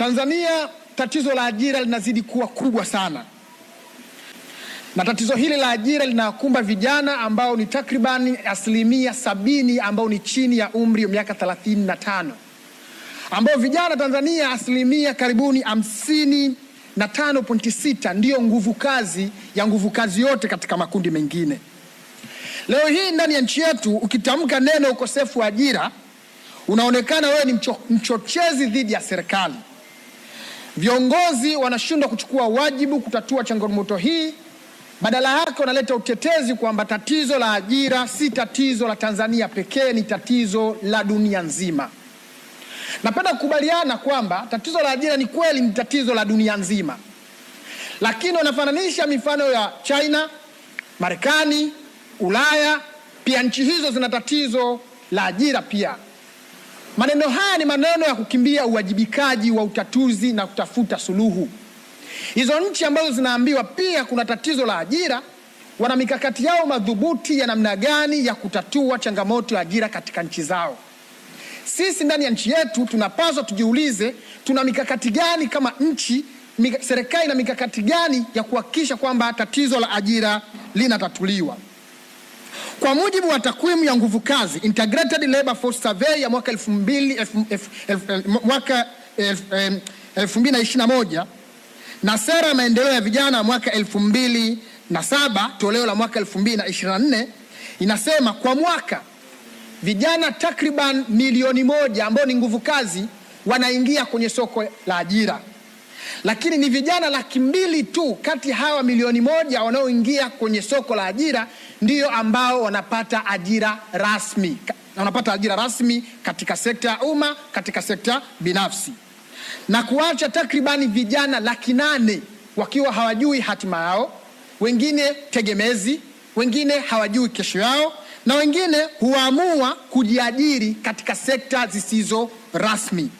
Tanzania tatizo la ajira linazidi kuwa kubwa sana, na tatizo hili la ajira linakumba vijana ambao ni takribani asilimia sabini ambao ni chini ya umri wa miaka 35 ambao vijana Tanzania asilimia karibuni hamsini na tano pointi sita ndiyo nguvu kazi ya nguvu kazi yote katika makundi mengine. Leo hii ndani ya nchi yetu ukitamka neno ukosefu wa ajira unaonekana wewe ni mcho, mchochezi dhidi ya serikali. Viongozi wanashindwa kuchukua wajibu kutatua changamoto hii, badala yake wanaleta utetezi kwamba tatizo la ajira si tatizo la Tanzania pekee, ni tatizo la dunia nzima. Napenda kukubaliana kwamba tatizo la ajira ni kweli ni tatizo la dunia nzima, lakini wanafananisha mifano ya China, Marekani, Ulaya. Pia nchi hizo zina tatizo la ajira pia. Maneno haya ni maneno ya kukimbia uwajibikaji wa utatuzi na kutafuta suluhu. Hizo nchi ambazo zinaambiwa pia kuna tatizo la ajira, wana mikakati yao madhubuti ya namna gani ya kutatua changamoto ya ajira katika nchi zao. Sisi ndani ya nchi yetu tunapaswa tujiulize, tuna mikakati gani kama nchi, serikali na mikakati gani ya kuhakikisha kwamba tatizo la ajira linatatuliwa. Kwa mujibu wa takwimu ya nguvu kazi Integrated Labor Force Survey ya mwaka 2021 eh, na sera ya maendeleo ya vijana ya mwaka 2007 toleo la mwaka 2024 inasema kwa mwaka vijana takriban milioni moja ambao ni nguvu kazi wanaingia kwenye soko la ajira lakini ni vijana laki mbili tu kati hawa milioni moja wanaoingia kwenye soko la ajira ndio ambao wanapata ajira rasmi, wanapata ajira rasmi katika sekta ya umma, katika sekta binafsi, na kuacha takribani vijana laki nane wakiwa hawajui hatima yao, wengine tegemezi, wengine hawajui kesho yao, na wengine huamua kujiajiri katika sekta zisizo rasmi.